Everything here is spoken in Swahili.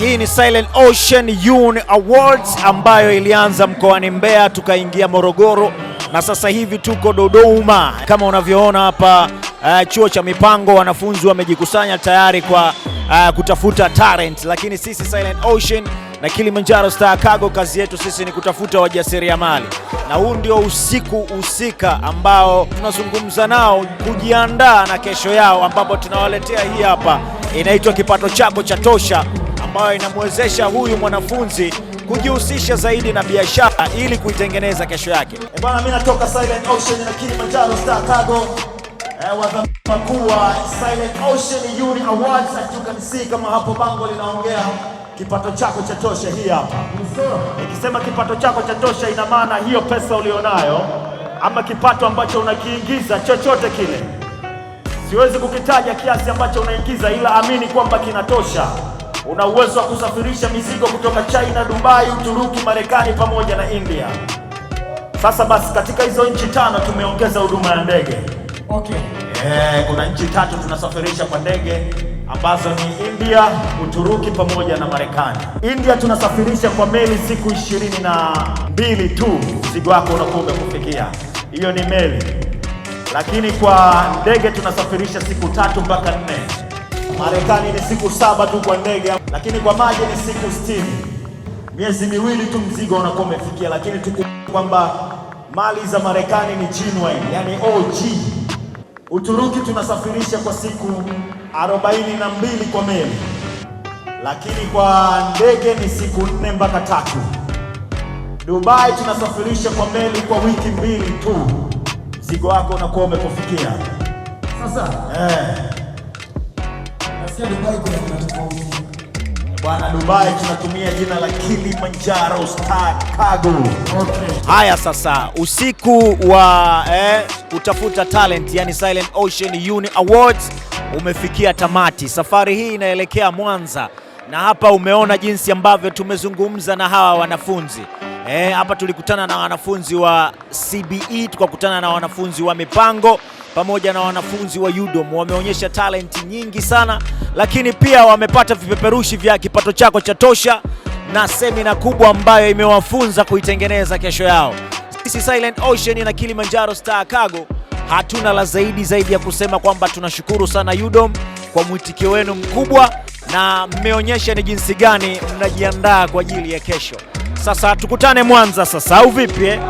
Hii ni Silent Ocean Youth Awards ambayo ilianza mkoani Mbeya, tukaingia Morogoro na sasa hivi tuko Dodoma. Kama unavyoona hapa, uh, chuo cha mipango wanafunzi wamejikusanya tayari kwa uh, kutafuta talent, lakini sisi Silent Ocean na Kilimanjaro Star Cargo kazi yetu sisi ni kutafuta wajasiriamali, na huu ndio usiku husika ambao tunazungumza nao kujiandaa na kesho yao, ambapo tunawaletea hii hapa inaitwa kipato chako cha tosha ambayo inamwezesha huyu mwanafunzi kujihusisha zaidi na biashara ili kuitengeneza kesho yake. E bwana, mimi natoka Silent Ocean na Kilimanjaro Star Cargo eh, wakuu wa Silent Ocean Uni Awards as you can see kama hapo bango linaongea, kipato chako cha tosha. Hii hapa ikisema kipato chako cha tosha, ina maana hiyo pesa ulionayo ama kipato ambacho unakiingiza chochote kile, siwezi kukitaja kiasi ambacho unaingiza, ila amini kwamba kinatosha una uwezo wa kusafirisha mizigo kutoka China, Dubai, Uturuki, Marekani pamoja na India. Sasa basi, katika hizo nchi tano tumeongeza huduma ya ndege okay. E, kuna nchi tatu tunasafirisha kwa ndege ambazo ni India, Uturuki pamoja na Marekani. India tunasafirisha kwa meli siku ishirini na mbili tu, mzigo wako unakuja kufikia Hiyo ni meli, lakini kwa ndege tunasafirisha siku tatu mpaka nne. Marekani ni siku saba tu kwa ndege, lakini kwa maji ni siku sitini. Miezi miwili tu mzigo unakuwa umefikia, lakini tuku kwamba mali za Marekani ni genuine, yani OG. Uturuki tunasafirisha kwa siku 42 kwa meli, lakini kwa ndege ni siku nne mpaka tatu. Dubai tunasafirisha kwa meli kwa wiki mbili tu, mzigo wako unakuwa umekufikia sasa eh. Bwana Dubai tunatumia jina la Kilimanjaro Star Cargo. Okay. Haya sasa, usiku wa eh, kutafuta talent yani Silent Ocean Uni Awards umefikia tamati. Safari hii inaelekea Mwanza na hapa umeona jinsi ambavyo tumezungumza na hawa wanafunzi eh, hapa tulikutana na wanafunzi wa CBE, tukakutana na wanafunzi wa mipango pamoja na wanafunzi wa UDOM. Wameonyesha talent nyingi sana lakini pia wamepata vipeperushi vya kipato chako cha tosha na semina kubwa ambayo imewafunza kuitengeneza kesho yao. Sisi Silent Ocean na Kilimanjaro Star Cargo hatuna la zaidi zaidi ya kusema kwamba tunashukuru sana UDOM kwa mwitikio wenu mkubwa na mmeonyesha ni jinsi gani mnajiandaa kwa ajili ya kesho. Sasa tukutane Mwanza sasa au vipi eh?